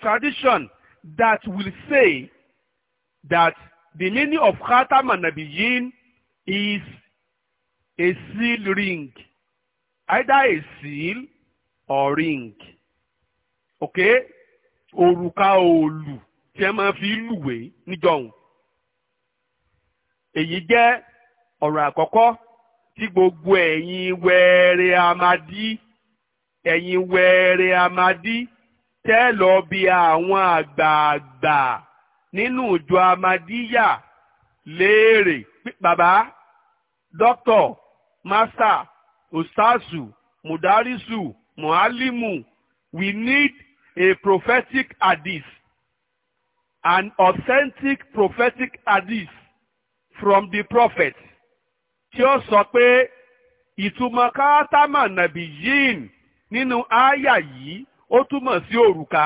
tradition that will say that the meaning of Khatam an-Nabiyyin is a seal ring, either a seal or ring. Okay? oruka olu. tí ẹ máa fi lùwé níjọ̀hún. Èyí jẹ́ ọ̀rọ̀ àkọ́kọ́ tí gbogbo ẹ̀yin wẹ́ẹ́rẹ́ amadi ẹ̀yin wẹ́ẹ́rẹ́ amadi tẹ́ lọ bí àwọn àgbààgbà nínú ìjọ amadíyà léèrè bàbá dókítà másà ustazu mudarisu muhalimu we need a prophetic hadith an authentic prophetic hadith from the prophet tí ó sọ pé ìtumọ̀ káátámà nàbí nínú àyà yìí ó túmọ̀ sí òrùka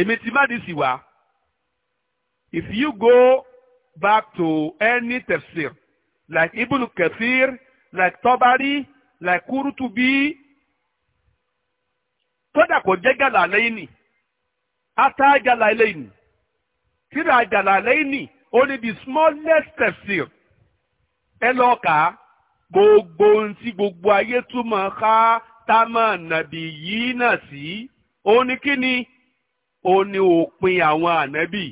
èmi ti má di sì wá if you go back to any tafsir like Ibn Kathir like Tabari like Kurutubi, kódà kò jẹ́ gàlà lẹ́yìn ni ata gàlà lẹ́yìn ni tíra gàlà lẹ́yìn ni ó the smallest tafsir ẹ lọ́ọ́ kà á gbogbo ohun gbogbo ayé túmọ̀ ká khatamọ nàbì yìí náà sí òun ni kíni òun ni òpin àwọn ànábì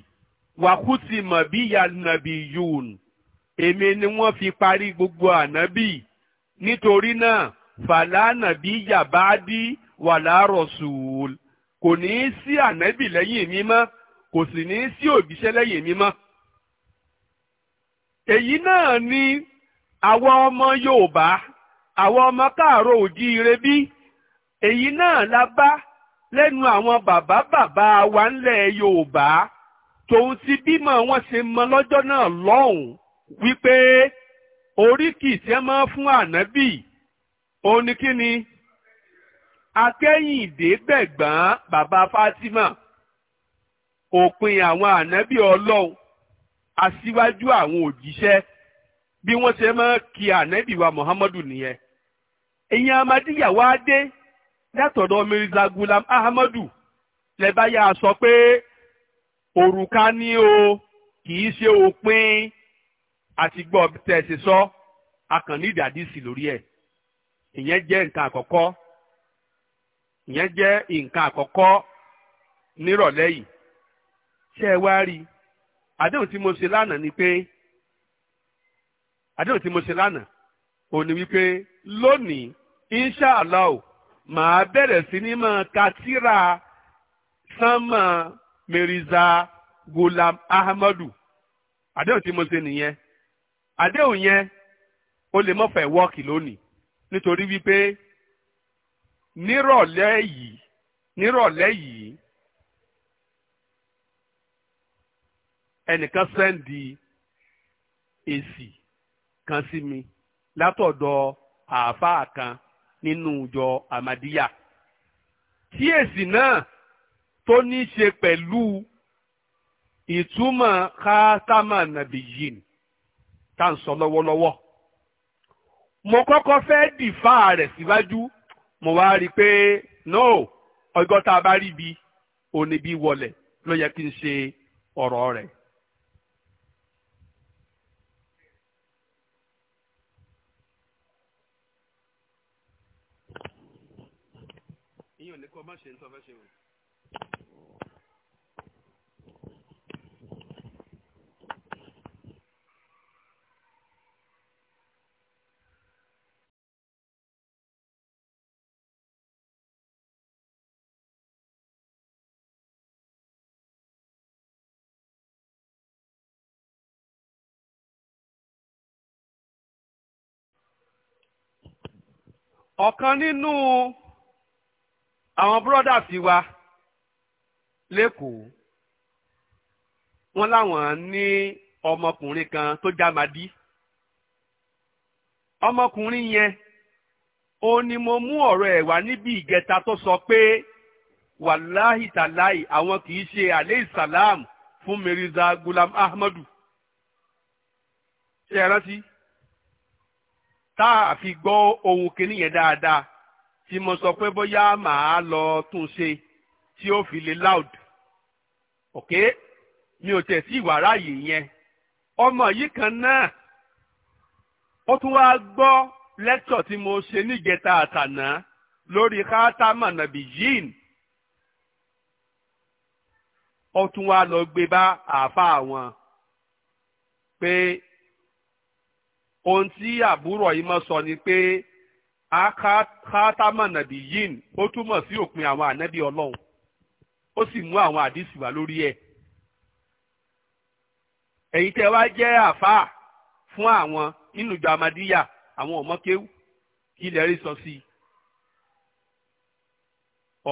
wàkútì mọ̀ bí ya nàbì yùn èmi ni wọ́n fi parí gbogbo ànábì nítorí náà fàlà nàbì yàbáàdì wàlà rọ̀ṣùl kò ní í sí ànábì lẹ́yìn mi mọ́ kò sì ní í sí òbíṣẹ́ lẹ́yìn mi mọ́. èyí náà ni àwọn ọmọ Yorùbá àwọn ọmọ káàró òjíire bí èyí náà la bá lẹ́nu àwọn bàbá bàbá wa ńlẹ̀ Yorùbá tòun ti bímọ wọn ṣe mọ lọ́jọ́ náà lọ́hùn-ún wípé oríkì tí ẹ máa fún ànábì òun ni kí bàbá Fátímà òpin àwọn ànábì ọlọ́run aṣíwájú àwọn òjíṣẹ́ bí wọ́n ṣe máa kí ànábì wa Muhammadu nìyẹn èyàn amadíyà Adé dé látọ̀dọ̀ Mirza Gulam Ahmadu lẹ́bàá sọ pé òrùka ni o kìí ṣe òpin àti gbọ́ tẹ̀sí sọ akànnì ìdádìsí lórí ẹ̀ ìyẹn jẹ́ nǹkan àkọ́kọ́ ìyẹn jẹ́ nǹkan àkọ́kọ́ nírọ̀lẹ́ yìí ṣé ẹ wá rí àdéhùn tí mo ṣe lánàá ni pé àdéhùn tí mo ṣe lánàá òun wípé lónìí inshallah màá bẹ̀rẹ̀ sí ní máa ka tírà sánmà Gulam Ahmadu àdéhùn tí mo ṣe nìyẹn àdéhùn yẹn ó lè mọ̀fẹ́ wọ́ọ̀kì lónìí nítorí wípé nírọ̀lẹ́ yìí nírọ̀lẹ́ yìí ẹnìkan sẹ́ndì èsì kan sí mi látọ̀dọ̀ àáfàá kan nínú ìjọ amadiya tí èsì náà tó ní í ṣe pẹ̀lú ìtumọ̀ kátámà nàbìyìn tá à ń sọ lọ́wọ́lọ́wọ́ mo kọ́kọ́ fẹ́ dìfà rẹ̀ síwájú mo wá rí i pé no ọgọ́ta bá rí bi òní bí wọlé ló yẹ kí n ṣe ọ̀rọ̀ rẹ̀. ìyẹn ò ní kọ́ bá ṣe ń tọ́ fẹ́ ṣe wọn. ọ̀kan nínú àwọn búrọ́dà sí wa lẹ́kọ̀ọ́ wọ́n láwọn ní ọmọkùnrin kan tó jámadí ọmọkùnrin yẹn òun ni mo mú ọ̀rọ̀ ẹ̀ wá níbi ìgẹta tó sọ pé wàláhì tàláì àwọn kì í ṣe alẹ́ ìsàlám fún Mirza Gulam Ahmadu ṣe é rántí tá a fi gbọ́ ohun kìíní yẹn dáadáa tí mo sọ pé bóyá màá lọ tún ṣe tí ó fi lè loud ok mi ò tẹ̀ sí ìwà ráàyè yẹn ọmọ yìí kan náà ó tún wá gbọ́ lẹ́tọ̀ tí mo ṣe níjẹta àtàná lórí káátámà nàbì yín ó tún wá lọ gbé bá àáfàá wọn pé ohun tí àbúrò yìí mọ̀ sọ ni pé akátama nàbí yín ó túmọ̀ sí òpin àwọn ànábì ọlọ́run ó sì mú àwọn àdìsí wá lórí ẹ̀ ẹ̀yin tẹ́ wá jẹ́ àfáà fún àwọn nínú ìjọ amadíyà àwọn ọmọkéwù kí ilẹ̀ rí sọ sí i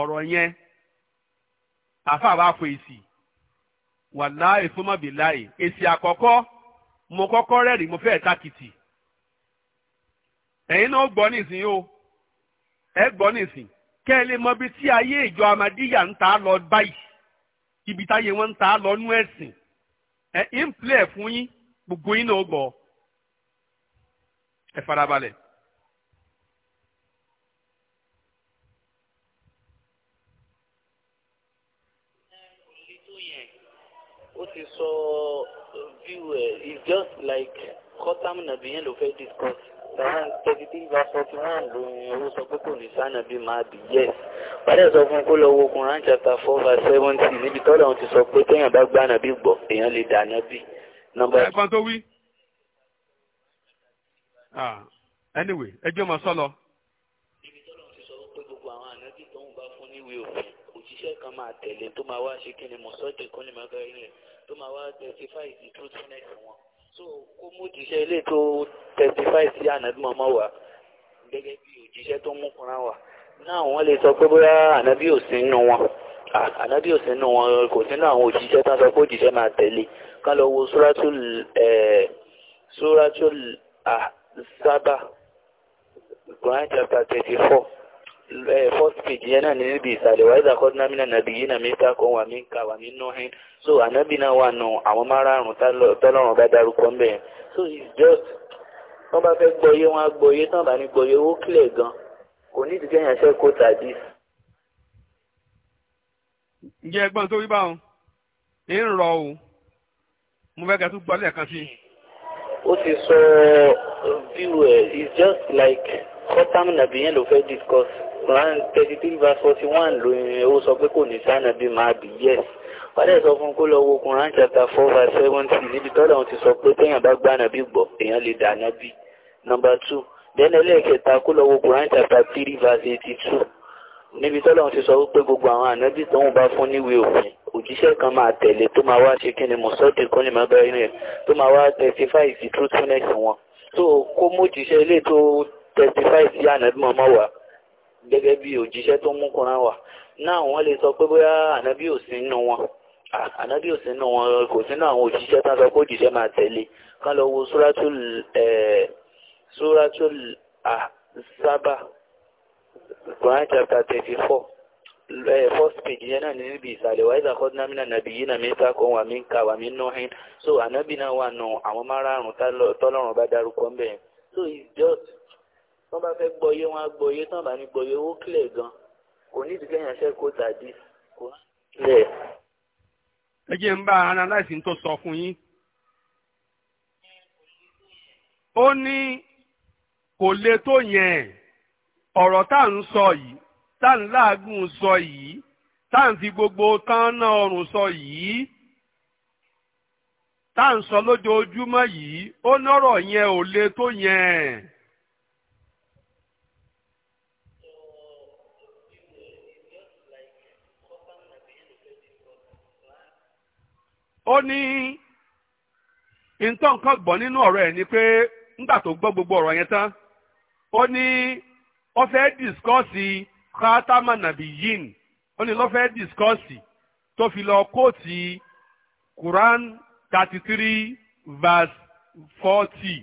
ọ̀rọ̀ yẹn àfáà bá fọ èsì wàláì fúnmọ́bìláì èsì àkọ́kọ́ mo kọ́kọ́ rẹ́rìí mo fẹ́ẹ̀ tákìtì ẹ̀yin náà gbọ́ nísìnyí o ẹ gbọ́ nísìn kẹ́ ẹ lè mọ ibi tí ayé ìjọ amadíyà ń ta lọ báyìí ibi táyé wọn ń ta lọ nú ẹ̀sìn ẹ ń pilẹ̀ fún yín gbogbo yín náà gbọ́ ẹ farabalẹ̀. ó ti sọ view ẹ it's just like kọ́tàmù nàbíyẹn ló fẹ́ discuss ṣáà tẹ́tí tí ìbá sọ tí wọ́n lò owó sọ pé kò ní sáànà bí máa bì yes padà sọ fún kó lọ wo Quran chapter four verse seventeen níbi tọ́lọ̀ wọn ti sọ pé téèyàn bá gbà nàbí gbọ́ èèyàn lè dà nàbí. ẹ̀kan tó wí anyway ẹjọ́ máa sọ lọ. níbi tọ́lọ̀ wọn ti sọ pé gbogbo àwọn ànábì tó ń bá fún níwèé òfin òjíṣẹ́ kan máa tẹ̀lé tó máa wá ṣe kí ni mọ̀sọ́ọ̀dẹ̀kọ́ ni màgá ilẹ̀ tó so kó mú òjíṣẹ́ ilé tó testify sí ànábì mọ́mọ́ wa gẹ́gẹ́ bí òjíṣẹ́ tó mú kúnra wa náà wọ́n lè sọ pé bóyá ànábì ò sí nínú wọn ah, ànábì ò sí nínú wọn kò sínú àwọn òjíṣẹ́ tá a sọ pé òjíṣẹ́ máa tẹ̀lé ká lọ wo suratul suratul ah, sábà Quran chapter thirty four. Eh, first page yẹn náà ní níbi ìsàlẹ̀ wà ìdàkọ́ námínà nàbí yìí náà mẹ́ta kan wà mí ká so ànábì náà wà nù àwọn márààrún tọ́lọ́run bá darúkọ ń bẹ̀ so it's just wọ́n bá fẹ́ gbọ́yé wọn á gbọ́yé tán bá ní gbọ́yé clear gan kò ní ìdíkẹ́ yẹn ṣẹ́ kó tàbí. ǹjẹ́ ẹgbọ́n tó rí báwọn ń rọ o mo fẹ́ kẹ́tù gbọ́ lẹ́ẹ̀kan sí i. ó ti sọ view ẹ̀ just like kọ́tàmù nàbí yẹn ló fẹ́ discuss Quran thirty three verse forty one lóyún ó sọ pé kò ní sáànà bí máa bì yes wọ́n sọ fún kó lọ wo Quran chapter four verse seventy níbi tọ́lá wọn ti sọ pé téèyàn bá gbá nàbí gbọ́ èèyàn lè dà nàbí number two then ẹlẹ́ẹ̀kẹta kó lọ wo Quran chapter three verse eighty two níbi tọ́lá wọn ti sọ pé gbogbo àwọn ànábì tó ń bá fún níwèé òfin òjíṣẹ́ kan máa tẹ̀lé tó máa wá ṣe kí ni mọ̀sọ́ọ̀dì kan lè máa bẹ̀rẹ̀ tó máa wá testify the wọn so kó mú ilé tó testify sí ànábì mọ́mọ́ wa gẹ́gẹ́ bí òjíṣẹ́ tó mú kúnra wa náà wọ́n lè sọ pé bóyá ànábì ò sí nínú wọn ah, ànábì ò sí nínú wọn kò sínú àwọn òjíṣẹ́ tá sọ pé òjíṣẹ́ máa tẹ̀lé kán lọ wo suratul ah, Saba Quran chapter thirty four first page yẹn náà níbi ìsàlẹ̀ wa ìdá kọ́dún náà nàbí yìí náà mẹ́ta kan wà mí ń ka wà mí ń nọ́ hin so ànábì náà wà nù àwọn márààrún tọ́lọ́run bá darúkọ ń so it's just wọ́n bá fẹ́ gbọ́yé wọn gbọ́yé tán bá ní gbọ́yé owó kílẹ̀ gan kò ní ìdílé yẹn ṣe kó tàbí kò ẹ jẹ́ ń bá láìsí tó sọ fún yín. ó ní kò le tó yẹn ọ̀rọ̀ tá à ń sọ yìí sọ yìí tá à gbogbo tán náà sọ yìí tá à ń sọ lójoojúmọ́ yìí ó nọ́rọ̀ yẹn le tó yẹn. ó ní nǹkan kan gbọ́ nínú ọ̀rọ̀ ẹ̀ ni pé nígbà tó gbọ́ gbogbo ọ̀rọ̀ yẹn tán ó ní ó fẹ́ dìskọ́sì kátàmà nàbì ó ní ló fẹ́ Quran thirty verse forty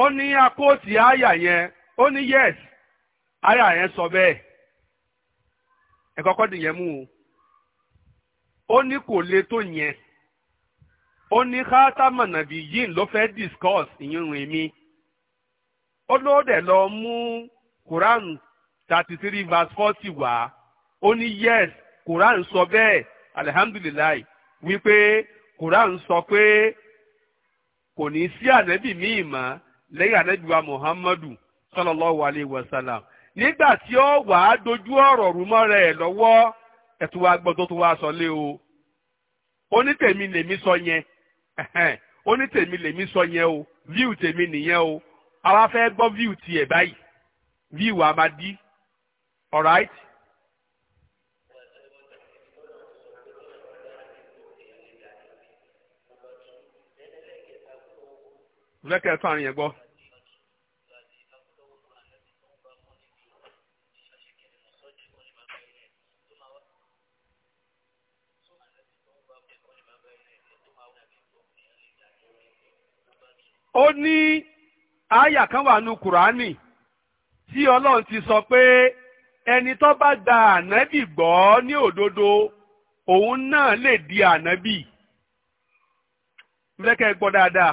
ó ní akóòtì àyà yẹn ó ní yes àyà yẹn sọ bẹ́ẹ̀ ẹ kọ́kọ́ yẹn mú o ó ní kò le tó yẹn ó ní káátámọ̀nàbí yìí ló fẹ́ discuss ìyún èmi ó lóde lọ mú Quran thirty three verse forty wá ó ní yes Quran sọ bẹ́ẹ̀ alihamdulilayi wípé Quran sọ pé kò ní sí ànẹ́bì míì mọ́ lẹ́yìn ànábìwá muhammadu sallallahu alayhi wa sallam nígbà tí ó wà á dojú ọ̀rọ̀ rẹ̀ lọ́wọ́ ẹ̀tù wa gbọ́dọ̀ tó wá sọ lé o onítèmi lèmi sọ yẹn onítèmi lèmi sọ yẹn o view tèmi nìyẹn o àwa fẹ́ gbọ́ view tiẹ̀ báyìí view amadi alright. fún yẹn ó ní àyà kan wà nínú kùránì tí ọlọ́run ti sọ pé ẹni tó bá gba ànábì gbọ́ ní òdodo òun náà lè di ànábì mẹ́kẹ́ gbọ́ dáadáa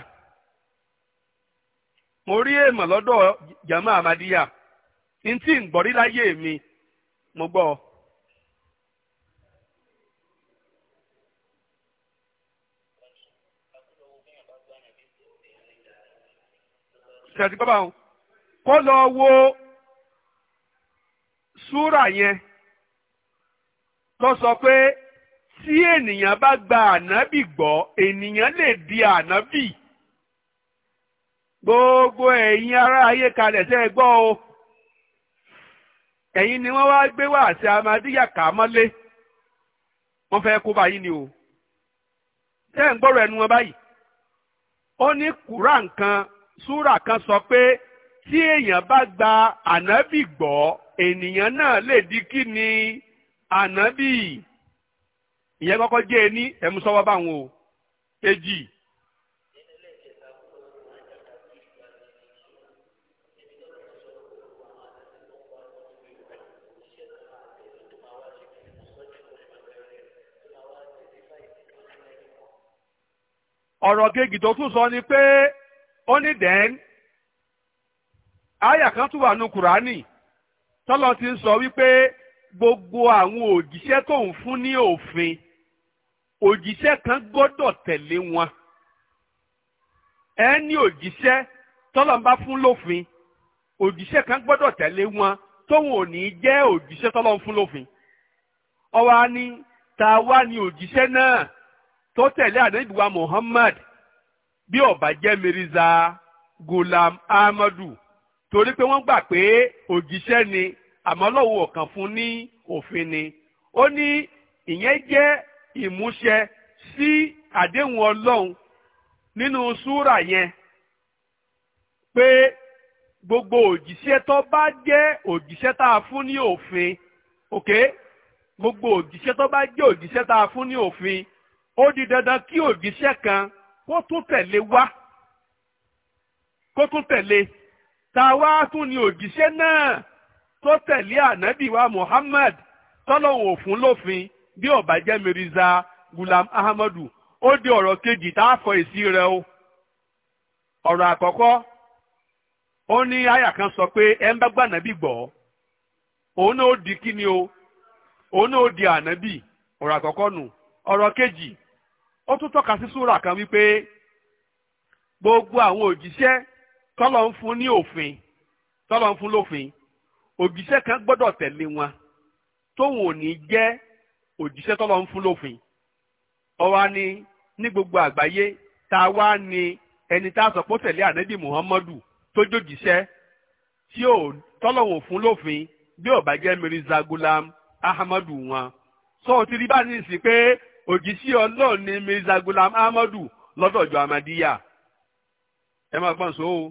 mo rí èèmọ̀ lọ́dọ̀ jama amadiya ntí ń gbọ́rí láyé mi mo gbọ́ ọ. tẹ̀sí gbọ́ kó lọ wo súrà yẹn lọ sọ pé tí ènìyàn bá gba ànábì gbọ́ ènìyàn lè di ànábì gbogbo ẹ̀yin ará ayé kalẹ̀ tẹ́ ẹ gbọ́ o ẹ̀yin ni wọ́n wá gbé wá àti amadíyà kà mọ́lé wọ́n fẹ́ kó báyìí ni o tẹ́ ń gbọ́rọ̀ ẹnu wọn báyìí ó ní kúrà nǹkan súrà kan sọ pé tí èèyàn bá gba ànábì gbọ́ ènìyàn náà lè di kí ni ànábì ìyẹn kọ́kọ́ jẹ́ ení ẹ̀mùsọ́wọ́ báwọn o kejì. ọ̀rọ̀ kejì tó tún sọ ni pé only then àyà kan tún wà kùránì ti ń sọ wípé gbogbo àwọn òjíṣẹ́ tó ń fún ní òfin òjíṣẹ́ kan gbọ́dọ̀ tẹ̀lé wọn ẹni òjíṣẹ́ tọ́lọ́ ń bá fún lófin òjíṣẹ́ kan gbọ́dọ̀ tẹ̀lé wọn tóun ò ní jẹ́ òjíṣẹ́ tọ́lọ́ ń fún lófin ọwọ́ ní ta wá ní òjíṣẹ́ náà tó tẹ̀lé Muhammad bí ó bá jẹ́ Mirza Gulam Ahmadu torí pé wọ́n gbà pé òjíṣẹ́ ni àmọ́ lọ́wọ́ ọ̀kan fún ní òfin ni ó ní ìyẹn jẹ́ ìmúṣẹ sí àdéhùn Ọlọ́run nínú súrà yẹn pé gbogbo òjíṣẹ́ tó bá jẹ́ òjíṣẹ́ tá a fún ní òfin ok gbogbo òjíṣẹ́ tó bá jẹ́ òjíṣẹ́ tá a fún ní òfin ó di dandan kí òjíṣẹ́ kan kó tún tẹ̀lé wá kó tún tẹ̀lé tún ni òjíṣẹ́ náà tó wa Muhammad tọ́lọ́wọ̀n òfun lófin bí ọba jẹ́ Gulam Ahmadu ó di ọ̀rọ̀ kejì tá a fọ èsì rẹ̀ o ọ̀rọ̀ àkọ́kọ́ ó ní àyà kan sọ pé ẹ ń bá gbà ànábì gbọ́ òun náà ó di kíni o òun náà ó di ànábì ọ̀rọ̀ àkọ́kọ́ nù kejì ó tún tọ́ka sí súrà kan wípé gbogbo àwọn òjíṣẹ́ tọ́lọ̀ ń fún ní òfin tọ́lọ̀ ń fún lófin òjíṣẹ́ kan gbọ́dọ̀ tẹ̀lé wọn tóun ò ní jẹ́ òjíṣẹ́ tọ́lọ̀ ń fún lófin ọwa ni ní gbogbo àgbáyé ta wá ni ẹni tá a sọ pé ó tẹ̀lé ànábì muhammadu tó jòjíṣẹ́ tí ò tọ́lọ̀ ò fún lófin bí ò bá jẹ́ mirza gulam ahmadu wọn sọ ò ti rí báyìí sí pé òjísí ọlọ́run ní Mirza Gulam Ahmadu lọ́dọ̀ ìjọ Ahmadiyya ẹ máa gbọ́n so o.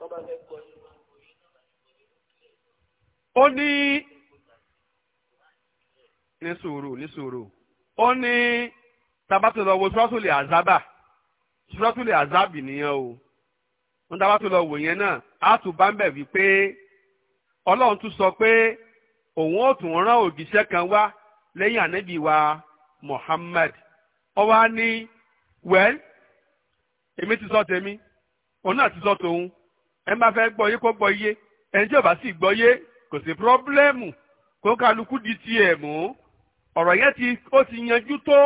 ó ní ní sùúrù ní sùúrù ó ní tabatu lọ wo sọ́tùlì àzábà sọ́tùlì àzábì nìyẹn o wọ́n tabatu lọ wò yẹn náà á tún bá ń bẹ̀ wípé ọlọ́run tún sọ pé òun ó tún rán òjíṣẹ́ kan wá lẹ́yìn ànábì wa Muhammad ó wá ní wẹ́l èmi ti sọ tèmi òun náà ti sọ tòun ẹ máa fẹ́ gbọ́ yé kó gbọ́ yé ẹni tí ò bá sì gbọ́ yé kò sí pírọ́blẹ́mù kó kálukú di tiẹ̀ mú ọ̀rọ̀ yẹn ti ó ti yanjú tó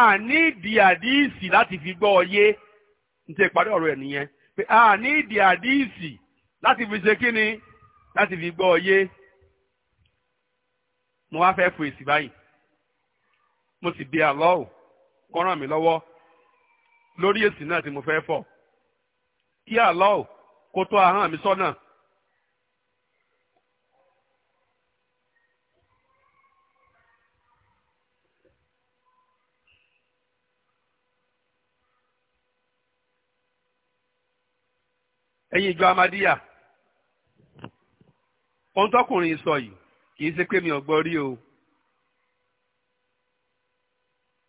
àní ìdí àdíìsì láti fi gbọ́ yé n tẹ́ parí ọ̀rọ̀ ẹ̀ nìyẹn pé àní ìdí àdíìsì láti fi ṣe kí ni láti fi gbọ́ yé mo wá fẹ́ fèsì báyìí mo sì bí àlọ́ọ̀ kó ràn mí lọ́wọ́ lórí èsì náà tí mo fẹ́ fọ̀ kí àlọ́ọ̀ koto tó ahọ́n mi sọ́nà. ẹ̀yin ìjọ amadíyà ohun tọkùnrin sọ yìí kì í ṣe pé mi ò gbọ́ rí o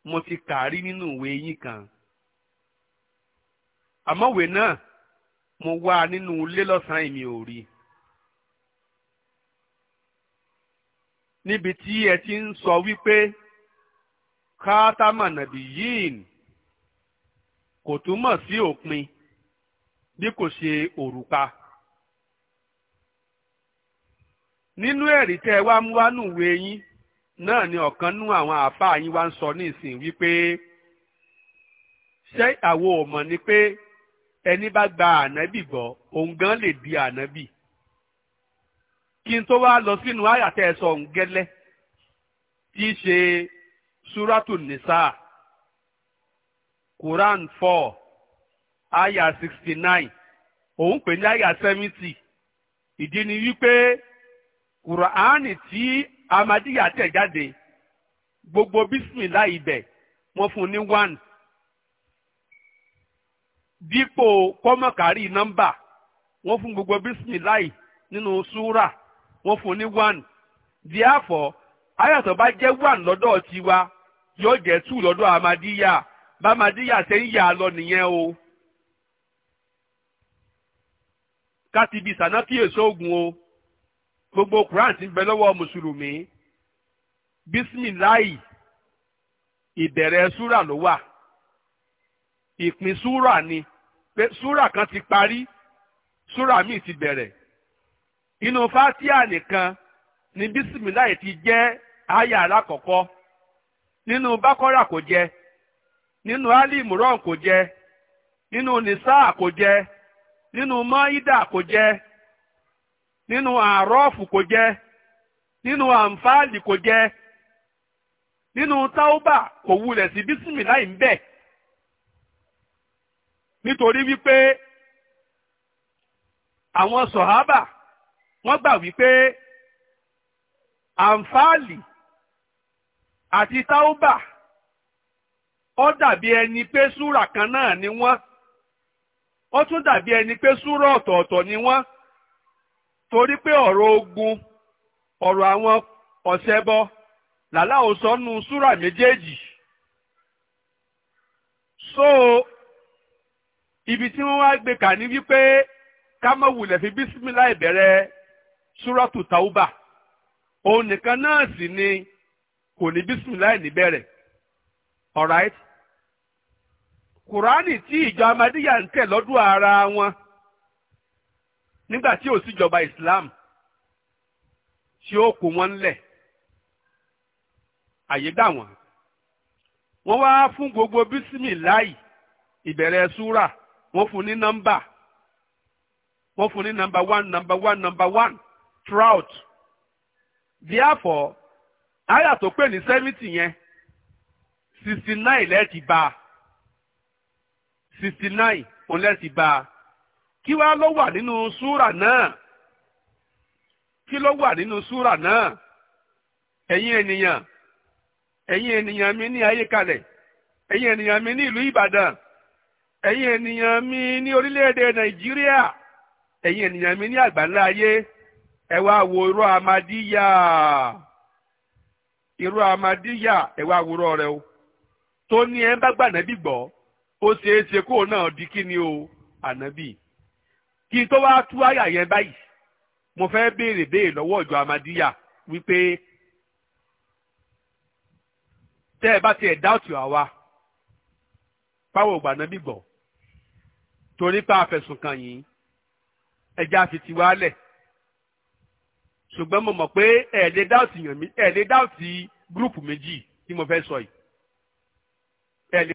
mo ti kà á rí nínú ìwé yín kan àmọ́ ìwé náà mo wá nínú ilé lọ́sàn-án èmi ò rí níbi tí ẹ ti ń sọ wípé káátámà nàbì yìí kò túmọ̀ sí òpin bí kò ṣe òrùka nínú ẹ̀rí tẹ́ ẹ wá mú wá nùwé yín náà ni ọ̀kan nú àwọn àáfàá yín wá ń sọ nísìnyí wípé ṣé àwo ò mọ̀ ni pé ẹni bá gba ànábì gbọ́ òun gan lè di ànábì kí n tó wá lọ sínú àyàtẹ̀ ẹ̀sọ́ òun tí í ṣe suratu nisa quran four aya sixty nine òun pè ní aya seventy ìdí ni wípé kùránì tí amadíyà tẹ̀ jáde gbogbo bísímìlá ibẹ̀ wọ́n fún ní one dípò kọ́mọ̀kárì nọ́mbà wọ́n fún gbogbo bísímìláì nínú súrà wọ́n fún ní one díàfọ̀ ayàtọ̀ bá jẹ́ one lọ́dọ̀ tiwa yóò jẹ́ two lọ́dọ̀ amadíyà bá amadíyà ṣe ń yà lọ nìyẹn o. ká ti bi sànáfì ogun o gbogbo quran ti ń bẹ lọ́wọ́ mùsùlùmí bísímìláì ìbẹ̀rẹ̀ súrà ló wà ìpín súrà ni. pé súrà kan ti parí súrà míì ti bẹ̀rẹ̀ inú fatia nìkan ni bisimilayi ti jẹ́ aya alákọ̀ọ́kọ́ nínú bakora kò jẹ; nínú ali kò jẹ; nínú nisa kò jẹ; nínú maida kò jẹ; nínú àrọ́ọ̀fù kò jẹ́ nínú àǹfààlì kò jẹ́ nínú tauba kò wulẹ̀ sí ń nítorí wípé àwọn sọ̀hábà wọ́n gbà wípé àǹfààlì àti táúbà ó dàbí ẹni pé súra kan náà ni wọ́n ó tún dàbí ẹni pé súra ọ̀tọ̀ọ̀tọ̀ ni wọ́n torí pé ọ̀rọ̀ ogun ọ̀rọ̀ àwọn ọ̀ṣẹbọ làlá ò sọ méjèèjì so ibi tí wọ́n wá gbé kà ní wípé kámọ̀wùlẹ̀ fi bísímìlá ìbẹ̀rẹ̀ súrọ́tù tàúbà òun nìkan náà sì ni kò ní bísímìlá ìníbẹ̀rẹ̀ alright kùránì tí ìjọ amadíyà ń tẹ̀ lọ́dún ara wọn nígbà tí ò síjọba islam tí ó kó wọn lẹ̀ àyè gbà wọ́n wọ́n wá fún gbogbo bísímìlá ìbẹ̀rẹ̀ súrà. wọ́n fún ní nọ́mbà wọ́n fún ní nọ́mbà one nọ́mbà one nọ́mbà one throughout therefore àyà tó pè ní seventy nine bá a sixty nine òun lẹ́ẹ̀tì bá a kí wàá ló wà nínú súrà náà kí ló wà nínú súrà náà ẹ̀yin mi ní ayé kalẹ̀ ẹ̀yin ènìyàn mi ní ìlú Ìbàdàn ẹ̀yin ènìyàn mi ní orílẹ̀-èdè nàìjíríà ẹ̀yin ènìyàn mi ní àgbáńlá ayé ẹ wá wo irú amadíyà irú amadíyà ẹ wá wúrọ̀ o tó ní ẹ bá gbà gbọ́ ó ṣeé ṣe kó náà di kí ni o ànábì kí n tó wá tú àyà yẹn báyìí mo fẹ́ béèrè béèrè lọ́wọ́ ìjọ amadíyà wípé tẹ́ ẹ bá dáùtì báwo torí pé àfẹ̀sùn kàn yín ẹja fi ti wálẹ̀ ṣùgbọ́n mo mọ̀ pé ẹ̀ lè dáùtì yàn mí ẹ̀ lè dáùtì gúrùpù méjì tí mo fẹ́ sọ yìí.